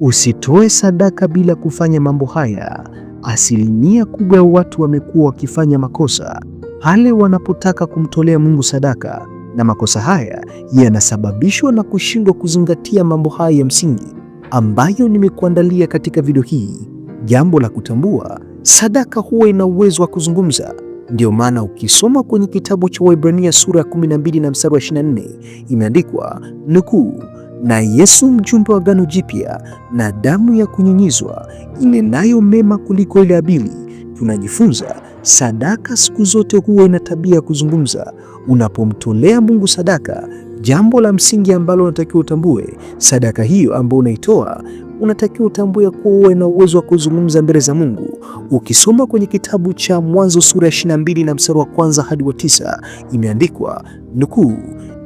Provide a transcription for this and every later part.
Usitoe sadaka bila kufanya mambo haya. Asilimia kubwa ya watu wamekuwa wakifanya makosa pale wanapotaka kumtolea Mungu sadaka, na makosa haya yanasababishwa na kushindwa kuzingatia mambo haya ya msingi ambayo nimekuandalia katika video hii. Jambo la kutambua, sadaka huwa ina uwezo wa kuzungumza. Ndio maana ukisoma kwenye kitabu cha Waibrania sura ya 12 na mstari wa 24 imeandikwa nukuu na Yesu mjumbe wa Agano Jipya na damu ya kunyunyizwa inenayo mema kuliko ile Abili, tunajifunza sadaka siku zote huwa ina tabia ya kuzungumza. Unapomtolea Mungu sadaka, jambo la msingi ambalo unatakiwa utambue, sadaka hiyo ambayo unaitoa unatakiwa utambue kuwa uwe na uwezo wa kuzungumza mbele za Mungu. Ukisoma kwenye kitabu cha Mwanzo sura ya 22 na mstari wa kwanza hadi wa tisa, imeandikwa nukuu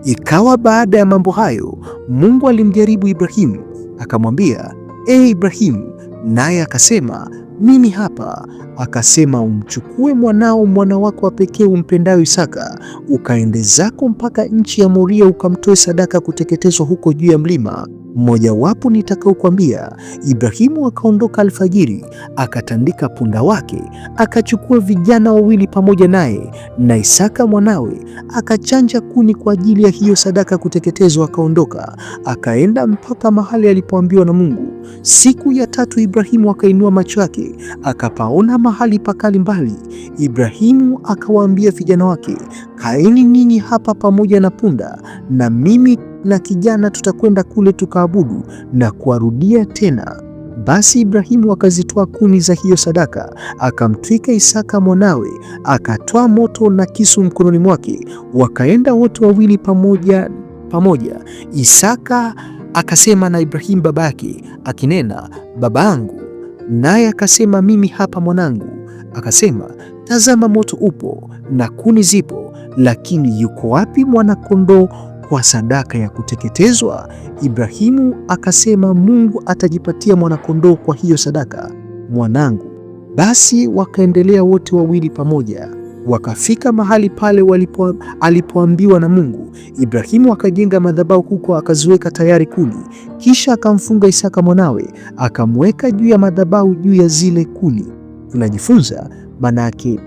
Ikawa baada ya mambo hayo, Mungu alimjaribu Ibrahimu akamwambia, e Ibrahimu, naye akasema mimi hapa. Akasema, umchukue mwanao, mwana wako wa pekee umpendayo Isaka, ukaende zako mpaka nchi ya Moria, ukamtoe sadaka kuteketezwa huko juu ya mlima mmojawapo nitakaokwambia. Ibrahimu akaondoka alfajiri, akatandika punda wake, akachukua vijana wawili pamoja naye na Isaka mwanawe, akachanja kuni kwa ajili ya hiyo sadaka kuteketezwa, akaondoka akaenda mpaka mahali alipoambiwa na Mungu. Siku ya tatu Ibrahimu akainua macho yake akapaona mahali pakali mbali. Ibrahimu akawaambia vijana wake, kaeni ninyi hapa pamoja na punda, na mimi na kijana tutakwenda kule tukaabudu na kuwarudia tena. Basi Ibrahimu akazitoa kuni za hiyo sadaka, akamtwika Isaka mwanawe, akatoa moto na kisu mkononi mwake, wakaenda wote wawili pamoja pamoja. Isaka akasema na Ibrahimu babake akinena, babangu. Naye akasema, mimi hapa mwanangu. Akasema, tazama moto upo na kuni zipo, lakini yuko wapi mwanakondoo kwa sadaka ya kuteketezwa? Ibrahimu akasema, Mungu atajipatia mwanakondoo kwa hiyo sadaka, mwanangu. Basi wakaendelea wote wawili pamoja. Wakafika mahali pale walipo alipoambiwa na Mungu. Ibrahimu akajenga madhabahu huko, akaziweka tayari kuni, kisha akamfunga Isaka mwanawe, akamweka juu ya madhabahu juu ya zile kuni. Tunajifunza maana yake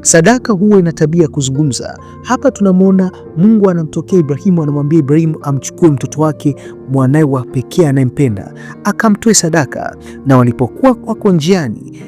sadaka huwa ina tabia kuzungumza. Hapa tunamwona Mungu anamtokea Ibrahimu, anamwambia Ibrahimu amchukue mtoto wake mwanawe wa pekee anayempenda akamtoe sadaka, na walipokuwa kwako njiani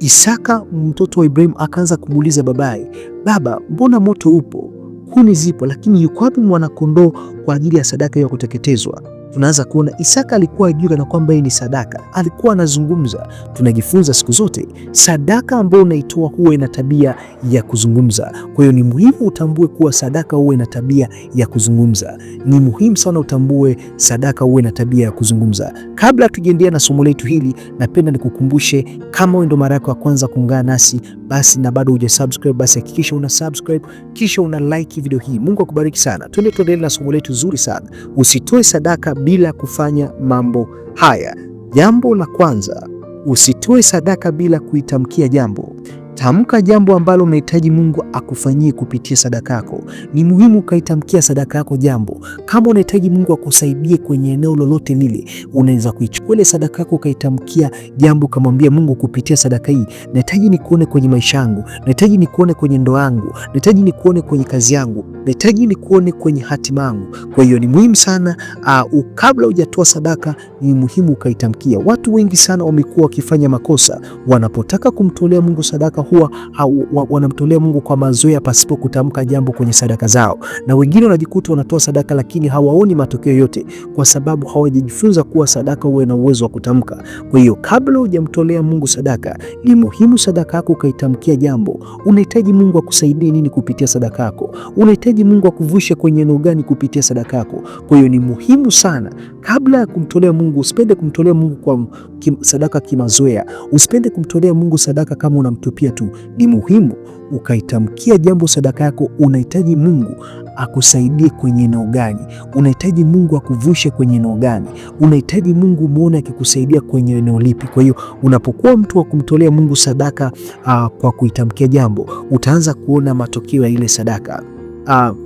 Isaka mtoto wa Ibrahimu akaanza kumuuliza babaye, baba, mbona moto upo? Kuni zipo, lakini yuko wapi mwanakondoo kwa ajili ya sadaka ya kuteketezwa? tunaanza kuona Isaka alikuwa ajua na kwamba hii ni sadaka, alikuwa anazungumza. Tunajifunza siku zote, sadaka ambayo unaitoa huwa ina tabia ya kuzungumza. Kwa hiyo ni muhimu utambue kuwa sadaka huwa ina tabia ya kuzungumza. Ni muhimu sana utambue sadaka huwa ina tabia ya kuzungumza. Kabla tujiendea na somo letu hili, napenda nikukumbushe, kama wewe ndo mara yako ya kwanza kuungana nasi basi na bado subscribe, basi hakikisha una subscribe kisha una like video hii. Mungu akubariki sana, tuende tuendelee na somo letu zuri sana. Usitoe sadaka bila kufanya mambo haya. Jambo la kwanza, usitoe sadaka bila kuitamkia jambo. Tamka jambo ambalo unahitaji Mungu akufanyie kupitia sadaka yako. Ni muhimu ukaitamkia sadaka yako jambo. Kama unahitaji Mungu akusaidie kwenye eneo lolote lile, unaweza kuichukua ile sadaka yako ukaitamkia jambo, ukamwambia Mungu, kupitia sadaka hii nahitaji nikuone kwenye maisha yangu, nahitaji nikuone kwenye ndoa yangu, nahitaji nikuone kwenye kazi yangu, nahitaji nikuone kwenye hatima yangu. Kwa hiyo ni muhimu sana uh, kabla hujatoa sadaka ni muhimu ukaitamkia. Watu wengi sana wamekuwa wakifanya makosa wanapotaka kumtolea Mungu sadaka huwa wanamtolea Mungu kwa mazoea pasipo kutamka jambo kwenye sadaka zao, na wengine wanajikuta wanatoa sadaka lakini hawaoni matokeo yote, kwa sababu hawajajifunza kuwa sadaka huwe na uwezo wa kutamka. Kwa hiyo kabla hujamtolea Mungu sadaka, ni muhimu sadaka yako ukaitamkia jambo. Unahitaji Mungu akusaidie nini kupitia sadaka yako? Unahitaji Mungu akuvushe kwenye eneo gani kupitia sadaka yako? Kwa hiyo ni muhimu sana kabla ya kumtolea Mungu, usipende kumtolea Mungu kwa kim, sadaka kimazoea. Usipende kumtolea Mungu sadaka kama unamtupia tu. Ni muhimu ukaitamkia jambo sadaka yako. Unahitaji Mungu akusaidie kwenye eneo gani? Unahitaji Mungu akuvushe kwenye eneo gani? Unahitaji Mungu muone akikusaidia kwenye eneo lipi? Kwa hiyo unapokuwa mtu wa kumtolea Mungu sadaka uh, kwa kuitamkia jambo, utaanza kuona matokeo ya ile sadaka uh,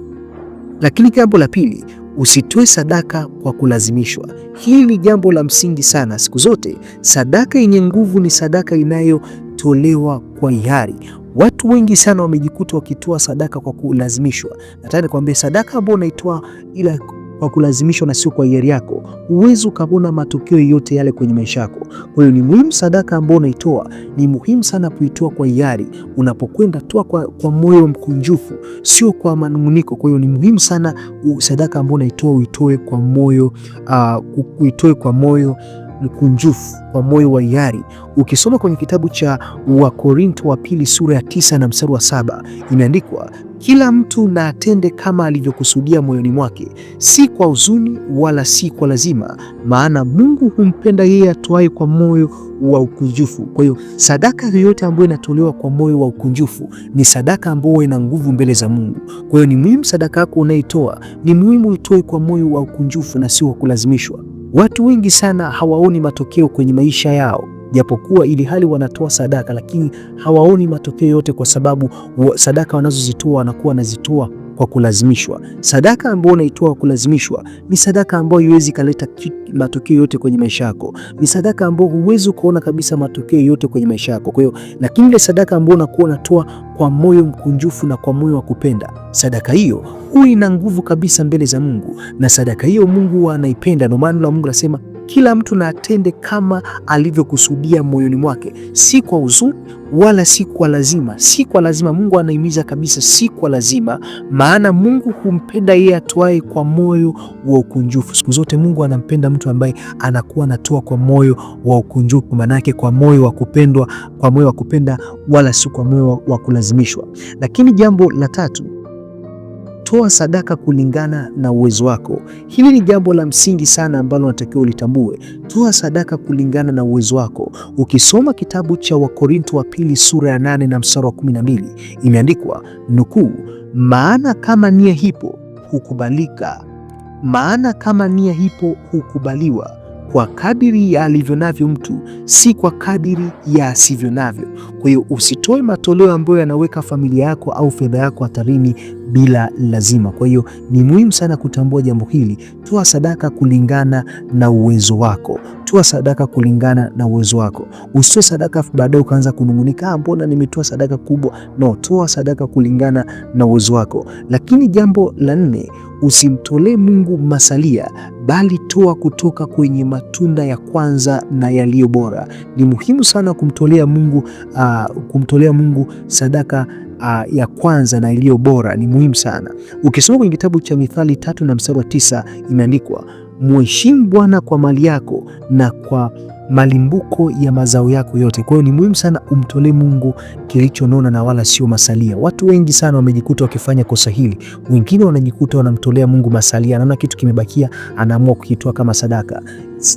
lakini jambo la pili Usitoe sadaka kwa kulazimishwa. Hili ni jambo la msingi sana. Siku zote sadaka yenye nguvu ni sadaka inayotolewa kwa hiari. Watu wengi sana wamejikuta wakitoa sadaka kwa kulazimishwa. Nataka nikwambie, sadaka ambayo unaitoa ila kwa kulazimishwa na sio kwa hiari yako. Huwezi ukaona matokeo yote yale kwenye maisha yako. Kwa hiyo ni muhimu sadaka ambayo unaitoa, ni muhimu sana kuitoa kwa hiari. Unapokwenda toa kwa, kwa moyo mkunjufu, sio kwa manunguniko. Kwa hiyo ni muhimu sana sadaka ambayo unaitoa uitoe kwa moyo uh, uitoe kwa moyo mkunjufu kwa moyo wa hiari. Ukisoma kwenye kitabu cha Wakorinto wa pili sura ya tisa na mstari wa saba imeandikwa kila mtu na atende kama alivyokusudia moyoni mwake, si kwa huzuni wala si kwa lazima, maana Mungu humpenda yeye atoaye kwa moyo wa ukunjufu. Kwa hiyo sadaka yoyote ambayo inatolewa kwa moyo wa ukunjufu ni sadaka ambayo ina nguvu mbele za Mungu. Kwa hiyo ni muhimu sadaka yako unaitoa, ni muhimu itoe kwa moyo wa ukunjufu na si wa kulazimishwa. Watu wengi sana hawaoni matokeo kwenye maisha yao japokuwa ili hali wanatoa sadaka, lakini hawaoni matokeo yote, kwa sababu sadaka wanazozitoa wanakuwa wanazitoa kwa kulazimishwa. Sadaka ambayo unaitoa kwa kulazimishwa ni sadaka ambayo haiwezi kaleta matokeo yote kwenye maisha yako, ni sadaka ambayo huwezi kuona kabisa matokeo yote kwenye maisha yako. Kwa hiyo, lakini ile sadaka ambayo unakuwa unatoa kwa moyo mkunjufu na kwa moyo wa kupenda, sadaka hiyo huwa ina nguvu kabisa mbele za Mungu, na sadaka hiyo Mungu anaipenda. Ndio maana Mungu anasema kila mtu na atende kama alivyokusudia moyoni mwake, si kwa uzuri wala si kwa lazima. Si kwa lazima, Mungu anahimiza kabisa, si kwa lazima, maana Mungu humpenda yeye atoae kwa moyo wa ukunjufu. Siku zote Mungu anampenda mtu ambaye anakuwa anatoa kwa moyo wa ukunjufu, manake kwa moyo wa kupendwa, kwa moyo wa kupenda, wala si kwa moyo wa kulazimishwa. Lakini jambo la tatu toa sadaka kulingana na uwezo wako. Hili ni jambo la msingi sana ambalo natakiwa ulitambue. Toa sadaka kulingana na uwezo wako. Ukisoma kitabu cha Wakorinto wa pili sura ya 8 na mstari wa 12, imeandikwa nukuu, maana kama nia hipo hukubalika, maana kama nia hipo hukubaliwa kwa kadiri ya alivyo navyo mtu, si kwa kadiri ya asivyo navyo. Kwa hiyo usitoe matoleo ambayo yanaweka familia yako au fedha yako hatarini bila lazima. Kwa hiyo ni muhimu sana kutambua jambo hili. Toa sadaka kulingana na uwezo wako, toa sadaka kulingana na uwezo wako. Usitoe sadaka baadaye ukaanza kunungunika, ah, mbona nimetoa sadaka kubwa? No, toa sadaka kulingana na uwezo wako. Lakini jambo la nne Usimtolee Mungu masalia, bali toa kutoka kwenye matunda ya kwanza na yaliyo bora. Ni muhimu sana kumtolea Mungu, uh, kumtolea Mungu sadaka Uh, ya kwanza na iliyo bora ni muhimu sana. Ukisoma kwenye kitabu cha Mithali tatu na mstari wa tisa imeandikwa, mheshimu Bwana kwa mali yako na kwa malimbuko ya mazao yako yote. Kwa hiyo ni muhimu sana umtolee Mungu kilichonona na wala sio masalia. Watu wengi sana wamejikuta wakifanya kosa hili, wengine wanajikuta wanamtolea Mungu masalia, anaona kitu kimebakia, anaamua kukitoa kama sadaka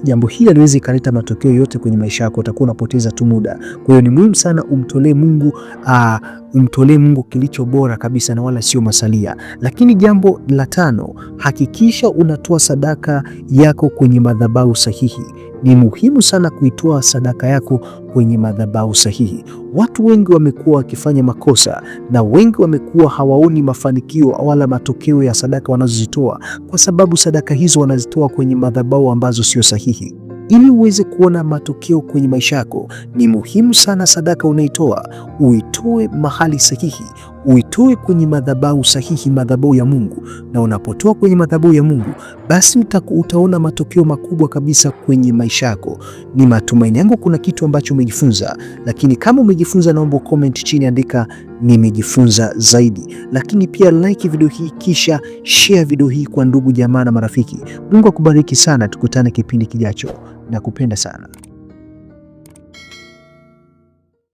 jambo hili haliwezi ikaleta matokeo yote kwenye maisha yako, utakuwa unapoteza tu muda. Kwa hiyo ni muhimu sana umtolee Mungu, uh, umtolee Mungu kilicho bora kabisa na wala sio masalia. Lakini jambo la tano, hakikisha unatoa sadaka yako kwenye madhabahu sahihi. Ni muhimu sana kuitoa sadaka yako kwenye madhabahu sahihi. Watu wengi wamekuwa wakifanya makosa na wengi wamekuwa hawaoni mafanikio wala matokeo ya sadaka wanazozitoa kwa sababu sadaka hizo wanazitoa kwenye madhabahu ambazo sio sahihi. Ili uweze kuona matokeo kwenye maisha yako, ni muhimu sana sadaka unaitoa uitoe mahali sahihi, uitoe kwenye madhabahu sahihi, madhabahu ya Mungu. Na unapotoa kwenye madhabahu ya Mungu, basi utaona matokeo makubwa kabisa kwenye maisha yako. Ni matumaini yangu kuna kitu ambacho umejifunza, lakini kama umejifunza, naomba comment chini, andika nimejifunza zaidi. Lakini pia like video hii, kisha share video hii kwa ndugu jamaa na marafiki. Mungu akubariki sana, tukutane kipindi kijacho na kupenda sana.